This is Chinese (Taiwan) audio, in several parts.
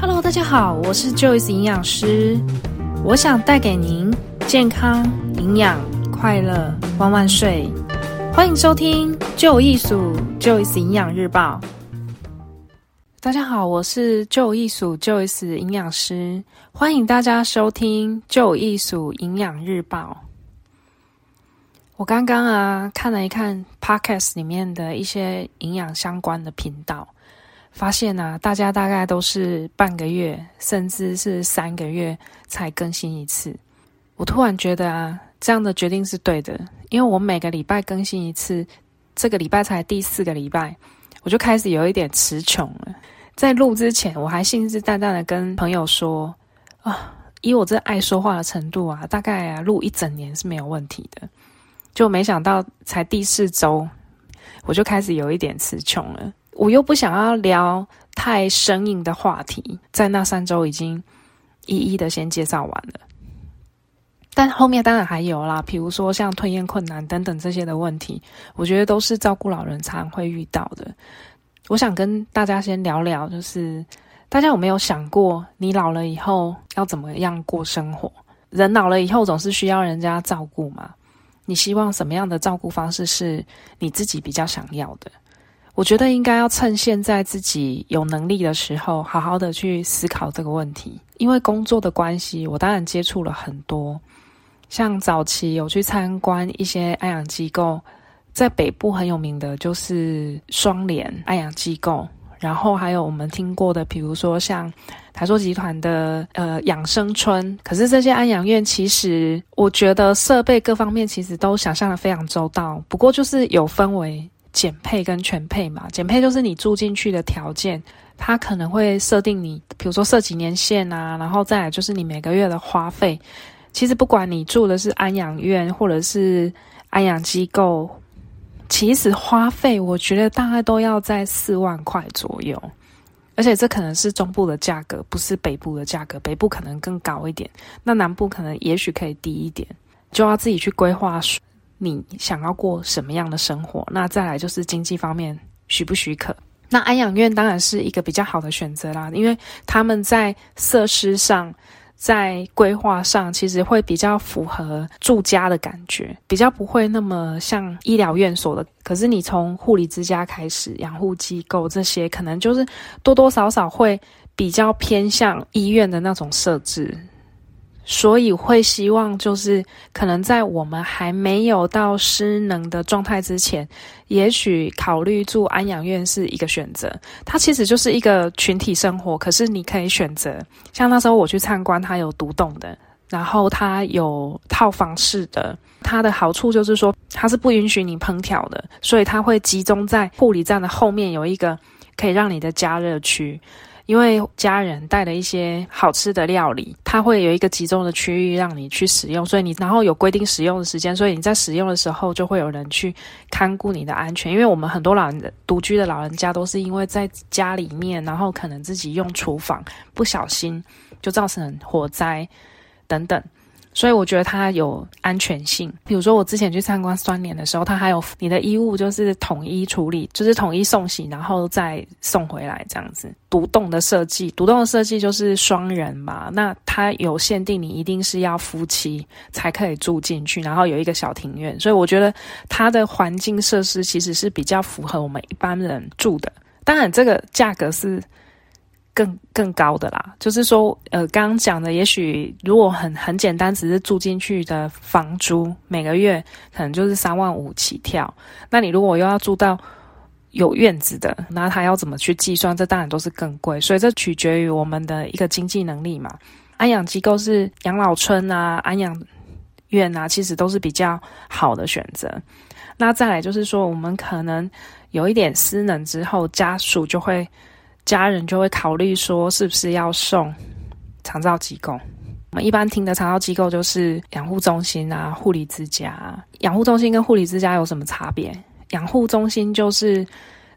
Hello，大家好，我是 Joyce 營養師，我想帶給您健康、營養、快樂、萬萬歲！歡迎收聽舊藝術 Joyce 營養日報。大家好，我是 Joyce Joyce 營養師，歡迎大家收聽舊藝術營養日報。我剛剛啊，看了一看 Podcast 裡面的一些營養相關的頻道。發現啊，大家大概都是半個月，甚至是三個月才更新一次。我突然覺得啊，這樣的決定是對的，因為我每個禮拜更新一次，這個禮拜才第四個禮拜，我就開始有一點詞窮了。在錄之前，我還信誓旦旦的跟朋友說，啊、哦，以我這愛說話的程度啊，大概啊錄一整年是沒有問題的。就沒想到才第四周，我就開始有一點詞窮了。我又不想要聊太生硬的話題，在那三周已經一一的先介紹完了，但後面當然還有啦，比如說像吞嚥困難等等這些的問題，我覺得都是照顧老人常會遇到的。我想跟大家先聊聊，就是大家有沒有想過，你老了以後要怎麼樣過生活？人老了以後總是需要人家照顧嘛，你希望什麼樣的照顧方式是你自己比較想要的？我覺得應該要趁現在自己有能力的時候，好好的去思考這個問題。因為工作的關係，我當然接觸了很多，像早期有去參觀一些安養機構，在北部很有名的就是雙連安養機構，然後還有我們聽過的，比如說像台塑集團的呃養生村。可是這些安養院，其實我覺得設備各方面其實都想象的非常周到，不過就是有氛圍。減配跟全配嘛，減配就是你住進去的條件，它可能會設定你，比如說設幾年限啊，然後再來就是你每個月的花費。其實不管你住的是安養院或者是安養機構，其實花費我覺得大概都要在四萬塊左右，而且這可能是中部的價格，不是北部的價格，北部可能更高一點，那南部可能也許可以低一點，就要自己去規劃。你想要過什麼樣的生活？那再來就是經濟方面，許不許可。那安養院當然是一個比較好的選擇啦，因為他們在設施上、在規劃上，其實會比較符合住家的感覺，比較不會那麼像醫療院所的。可是你從護理之家開始，養護機構這些，可能就是多多少少會比較偏向醫院的那種設置。所以會希望，就是可能在我們還沒有到失能的狀態之前，也許考慮住安養院是一個選擇。它其實就是一個群體生活，可是你可以選擇。像那時候我去參觀，它有獨棟的，然後它有套房式的。它的好處就是說，它是不允許你烹調的，所以它會集中在護理站的後面有一個可以讓你的加熱區。因為家人帶了一些好吃的料理，它會有一個集中的區域讓你去使用，所以你，然後有規定使用的時間，所以你在使用的時候就會有人去看顧你的安全。因為我們很多老人，獨居的老人家都是因為在家裡面，然後可能自己用廚房不小心就造成火災等等。所以我覺得它有安全性。比如說我之前去參觀雙蓮的時候，它還有你的衣物就是統一處理，就是統一送洗，然後再送回來這樣子。獨棟的設計，獨棟的設計就是雙人嘛，那它有限定，你一定是要夫妻才可以住進去，然後有一個小庭院。所以我覺得它的環境設施其實是比較符合我們一般人住的。當然，這個價格是。更更高的啦，就是說，呃，剛剛講的，也許如果很很簡單，只是住進去的房租，每個月可能就是三萬五起跳。那你如果又要住到有院子的，那他要怎麼去計算？這當然都是更貴，所以這取決於我們的一個經濟能力嘛。安養機構是養老村啊、安養院啊，其實都是比較好的選擇。那再來就是說，我們可能有一點失能之後，家屬就會。家人就會考慮說，是不是要送長照機構？我們一般聽的長照機構就是養護中心啊、護理之家。養護中心跟護理之家有什麼差別？養護中心就是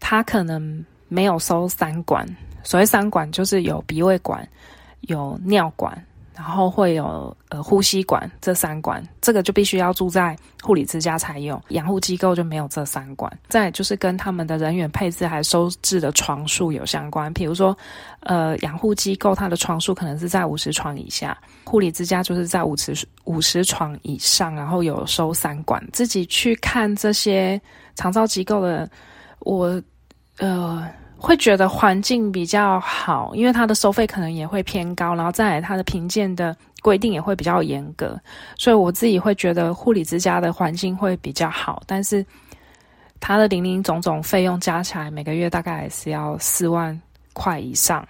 他可能沒有收三管，所謂三管就是有鼻胃管、有尿管。然後會有呃呼吸管，這三管，這個就必須要住在護理之家才有，養護機構就沒有這三管。再就是跟他們的人員配置還收治的床數有相關。比如說，呃，養護機構它的床數可能是在五十床以下，護理之家就是在五十五十床以上，然後有收三管。自己去看這些長照機構的，我呃。會覺得環境比較好，因為它的收費可能也會偏高，然後再來它的評鑑的規定也會比較嚴格，所以我自己會覺得護理之家的環境會比較好，但是他的零零總總費用加起來每個月大概還是要四萬塊以上，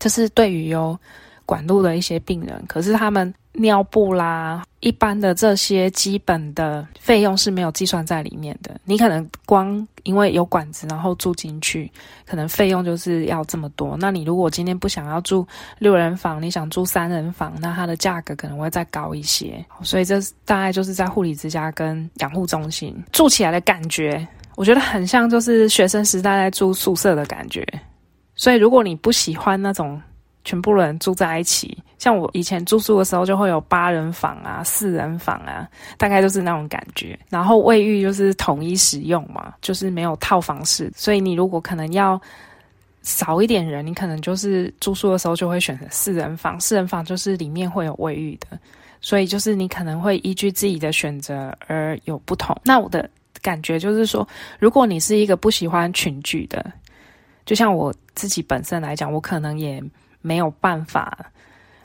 這是對於有管路的一些病人，可是他們。尿布啦，一般的這些基本的費用是沒有計算在裡面的。你可能光因為有管子，然後住進去，可能費用就是要這麼多。那你如果今天不想要住六人房，你想住三人房，那它的價格可能會再高一些。所以這大概就是在護理之家跟養護中心住起來的感覺，我覺得很像就是學生時代在住宿舍的感覺。所以如果你不喜歡那種，全部人住在一起，像我以前住宿的時候，就會有八人房啊、四人房啊，大概就是那種感覺。然後衛浴就是統一使用嘛，就是沒有套房式，所以你如果可能要少一點人，你可能就是住宿的時候就會選擇四人房。四人房就是裡面會有衛浴的，所以就是你可能會依據自己的選擇而有不同。那我的感覺就是說，如果你是一個不喜歡群聚的，就像我自己本身來講，我可能也沒有辦法，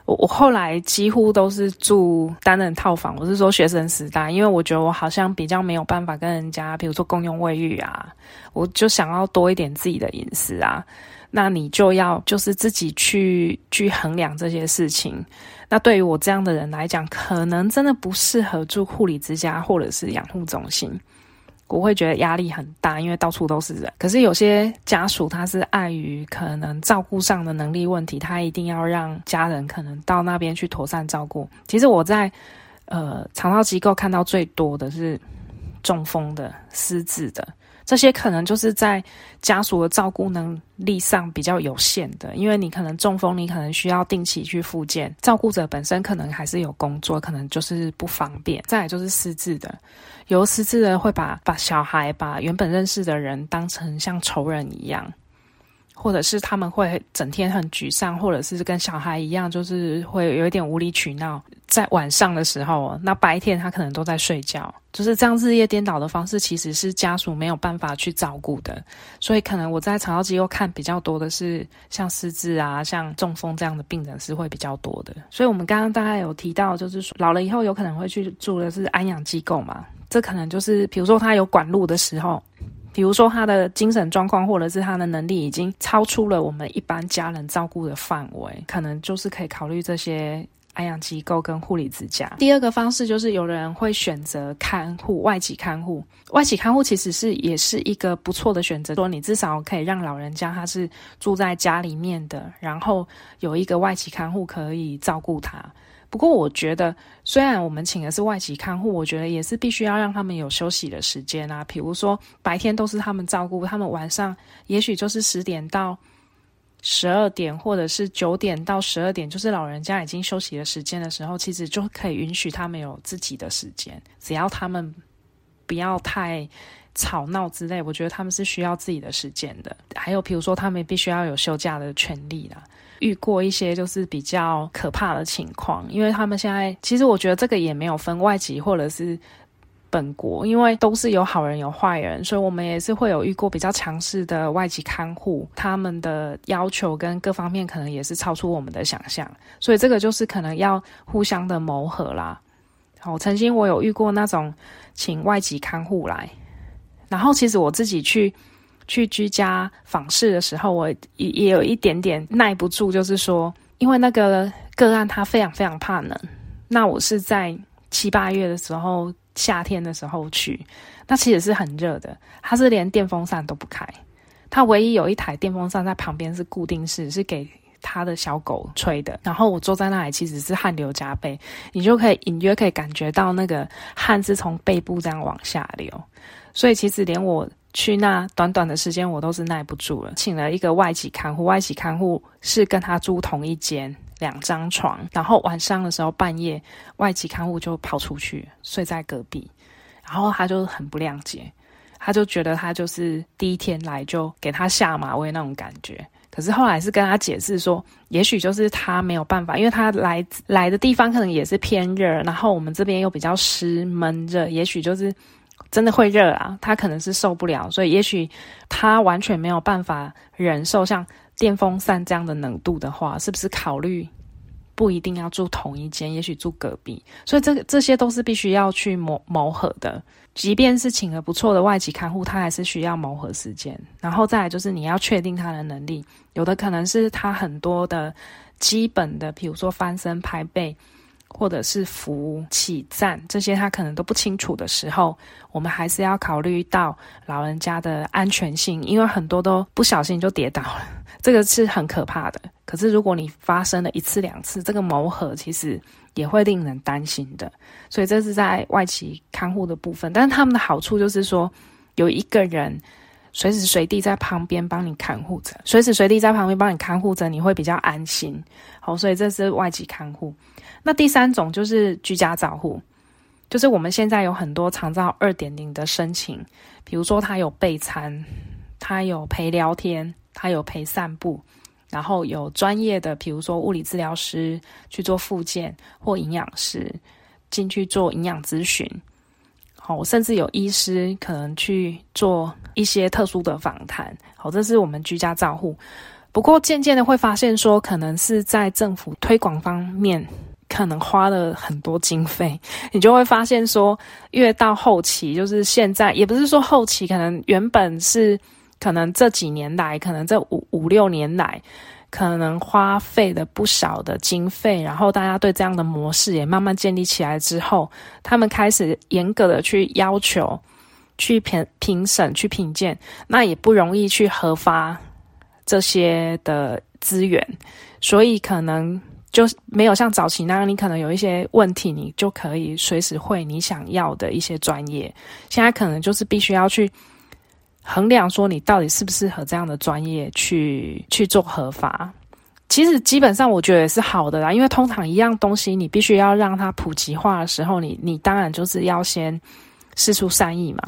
我我後來幾乎都是住單人套房。我是說學生時代，因為我覺得我好像比較沒有辦法跟人家，比如說共用衛浴啊，我就想要多一點自己的隱私啊。那你就要就是自己去去衡量這些事情。那對於我這樣的人來講，可能真的不適合住護理之家或者是養護中心。我會覺得壓力很大，因為到處都是人。可是有些家屬他是礙於可能照顧上的能力問題，他一定要讓家人可能到那邊去妥善照顧。其實我在呃長照機構看到最多的是中風的、失智的，這些可能就是在家屬的照顧能力上比較有限的，因為你可能中風，你可能需要定期去復健，照顧者本身可能還是有工作，可能就是不方便。再來就是失智的。有失智的會把把小孩把原本認識的人當成像仇人一樣，或者是他們會整天很沮喪，或者是跟小孩一樣，就是會有一點無理取鬧在晚上的時候，那白天他可能都在睡覺，就是這樣日夜顛倒的方式，其實是家屬沒有辦法去照顧的。所以可能我在長照機構看比較多的是像失智啊、像中風這樣的病人是會比較多的。所以我們剛剛大家有提到，就是說老了以後有可能會去住的是安養機構嘛。這可能就是，比如說他有管路的時候，比如說他的精神狀況或者是他的能力已經超出了我們一般家人照顧的範圍，可能就是可以考慮這些安養機構跟護理之家。第二個方式就是有人會選擇看護，外籍看護，外籍看護其實是也是一個不錯的選擇，說你至少可以讓老人家他是住在家裡面的，然後有一個外籍看護可以照顧他。不過我覺得，雖然我們請的是外籍看護，我覺得也是必須要讓他們有休息的時間啊。比如說白天都是他們照顧，他們晚上也許就是十點到十二點，或者是九點到十二點，就是老人家已經休息的時間的時候，其實就可以允許他們有自己的時間，只要他們不要太吵鬧之類。我覺得他們是需要自己的時間的。還有，比如說他們必須要有休假的權利啦、啊。遇過一些就是比較可怕的情況，因為他們現在其實我覺得這個也沒有分外籍或者是本國，因為都是有好人有壞人，所以我們也是會有遇過比較強勢的外籍看護，他們的要求跟各方面可能也是超出我們的想象所以這個就是可能要互相的磨合啦。好，曾經我有遇過那種請外籍看護來，然後其實我自己去。去居家訪視的時候，我也也有一點點耐不住，就是說，因為那個個案他非常非常怕冷。那我是在七八月的時候，夏天的時候去，那其實是很熱的。他是連電風扇都不開，他唯一有一台電風扇在旁邊是固定式，是給他的小狗吹的。然後我坐在那裡，其實是汗流浹背，你就可以隱約可以感覺到那個汗是從背部這樣往下流。所以其實連我。去那短短的時間，我都是耐不住了，請了一個外籍看護。外籍看護是跟他住同一間，兩張床。然後晚上的時候，半夜外籍看護就跑出去睡在隔壁，然後他就很不諒解，他就覺得他就是第一天來就給他下馬威那種感覺。可是後來是跟他解釋說，也許就是他沒有辦法，因為他來來的地方可能也是偏熱，然後我們這邊又比較濕悶熱，也許就是。真的會熱啊，他可能是受不了，所以也許他完全沒有辦法忍受像電風扇這樣的濃度的話，是不是考慮不一定要住同一間，也許住隔壁。所以這個這些都是必須要去磨磨合的。即便是請了不錯的外籍看護，他還是需要磨合時間。然後再來就是你要確定他的能力，有的可能是他很多的基本的，比如說翻身拍背。或者是扶起站，這些他可能都不清楚的時候，我們還是要考慮到老人家的安全性，因為很多都不小心就跌倒了，這個是很可怕的。可是如果你發生了一次兩次，這個磨合其實也會令人擔心的。所以這是在外籍看護的部分，但是他們的好處就是說有一個人。隨時隨地在旁邊幫你看護着，隨時隨地在旁邊幫你看護着，你會比較安心。好，所以這是外籍看護。那第三種就是居家照護，就是我們現在有很多長照二點零的申請，比如說他有備餐，他有陪聊天，他有陪散步，然後有專業的，比如說物理治療師去做復健或營養，或營養師進去做營養諮詢。甚至有醫師可能去做一些特殊的訪談，好，這是我們居家照護。不過漸漸的會發現說，可能是在政府推廣方面，可能花了很多經費，你就會發現說，越到後期，就是現在，也不是說後期，可能原本是可能這幾年來，可能這五五六年來。可能花費了不少的經費，然後大家對這樣的模式也慢慢建立起來之後，他們開始嚴格的去要求、去評評審、去評鑑，那也不容易去核發這些的資源，所以可能就沒有像早期那樣，你可能有一些問題，你就可以隨時會你想要的一些專業，現在可能就是必須要去。衡量說你到底適不適合這樣的專業去去做合法，其實基本上我覺得也是好的啦。因為通常一樣東西你必須要讓它普及化的時候，你你當然就是要先釋出善意嘛，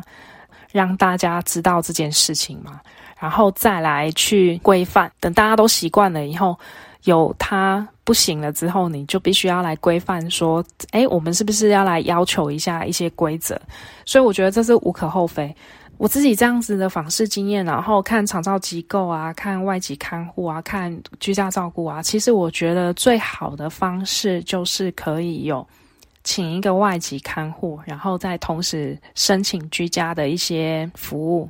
讓大家知道這件事情嘛，然後再來去規範。等大家都習慣了以後，有它不行了之後，你就必須要來規範說，哎，我們是不是要來要求一下一些規則？所以我覺得這是無可厚非。我自己這樣子的訪視經驗，然後看長照機構啊，看外籍看護啊，看居家照顧啊。其實我覺得最好的方式就是可以有請一個外籍看護，然後再同時申請居家的一些服務。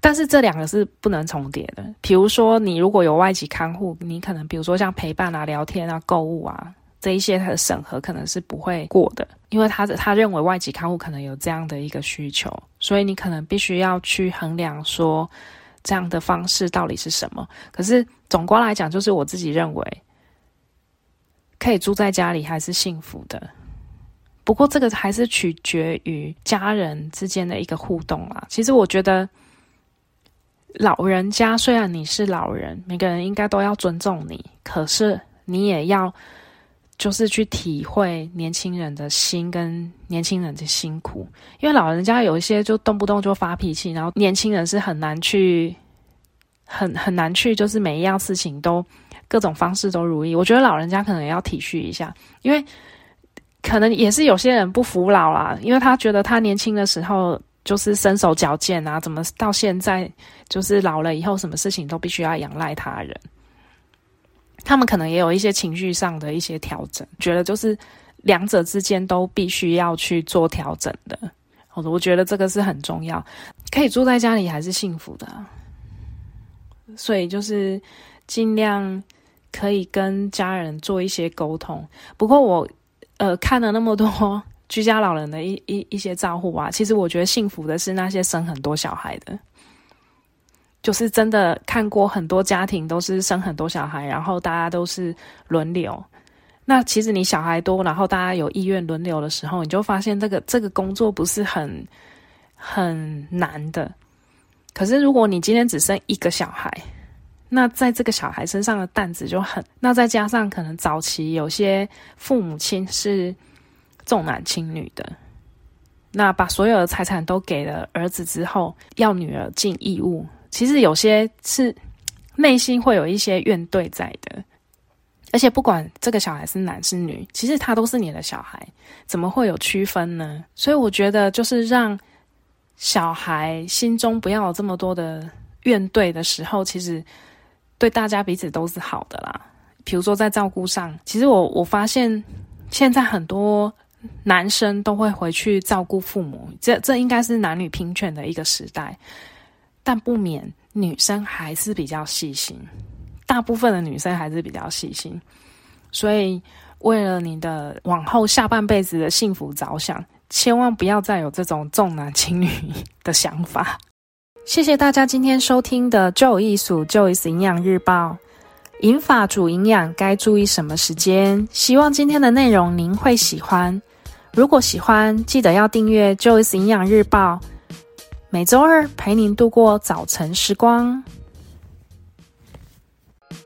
但是這兩個是不能重疊的。比如說你如果有外籍看護，你可能比如說像陪伴啊、聊天啊、購物啊。這一些他的審核可能是不會過的，因為他的他認為外籍看護可能有這樣的一個需求，所以你可能必須要去衡量說這樣的方式到底是什麼。可是總歸來講，就是我自己認為可以住在家裡還是幸福的。不過這個還是取決於家人之間的一個互動啦。其實我覺得老人家雖然你是老人，每個人應該都要尊重你，可是你也要。就是去體會年輕人的心，跟年輕人的辛苦，因為老人家有一些就動不動就發脾氣，然後年輕人是很難去，很很難去，就是每一樣事情都各種方式都如意。我覺得老人家可能也要體恤一下，因為可能也是有些人不服老啦，啊，因為他覺得他年輕的時候就是身手矯健啊，怎麼到現在就是老了以後什麼事情都必須要仰賴他人。他們可能也有一些情緒上的一些調整，覺得就是兩者之間都必須要去做調整的。我我覺得這個是很重要，可以住在家裡還是幸福的啊。所以就是儘量可以跟家人做一些溝通。不過我呃看了那麼多居家老人的一一一些照顧啊，其實我覺得幸福的是那些生很多小孩的。就是真的看過很多家庭都是生很多小孩，然後大家都是輪流。那其實你小孩多，然後大家有意願輪流的時候，你就發現這個這個工作不是很很難的。可是如果你今天只生一個小孩，那在這個小孩身上的擔子就很。那再加上可能早期有些父母親是重男輕女的，那把所有的財產都給了兒子之後，要女兒盡義務。其實有些是內心會有一些怨懟在的，而且不管這個小孩是男是女，其實他都是你的小孩，怎麼會有區分呢？所以我覺得就是讓小孩心中不要有這麼多的怨懟的時候，其實對大家彼此都是好的啦。比如說在照顧上，其實我我發現現在很多男生都會回去照顧父母，這這應該是男女平權的一個時代。但不免女生還是比較細心，大部分的女生還是比較細心，所以為了你的往後下半輩子的幸福着想，千萬不要再有這種重男輕女的想法。謝謝大家今天收聽的 Joyce Joyce 營養日報，引法主營養該注意什麼時間？希望今天的內容您會喜歡。如果喜歡，記得要訂閱 Joyce 營養日報。每週二陪您度過早晨時光。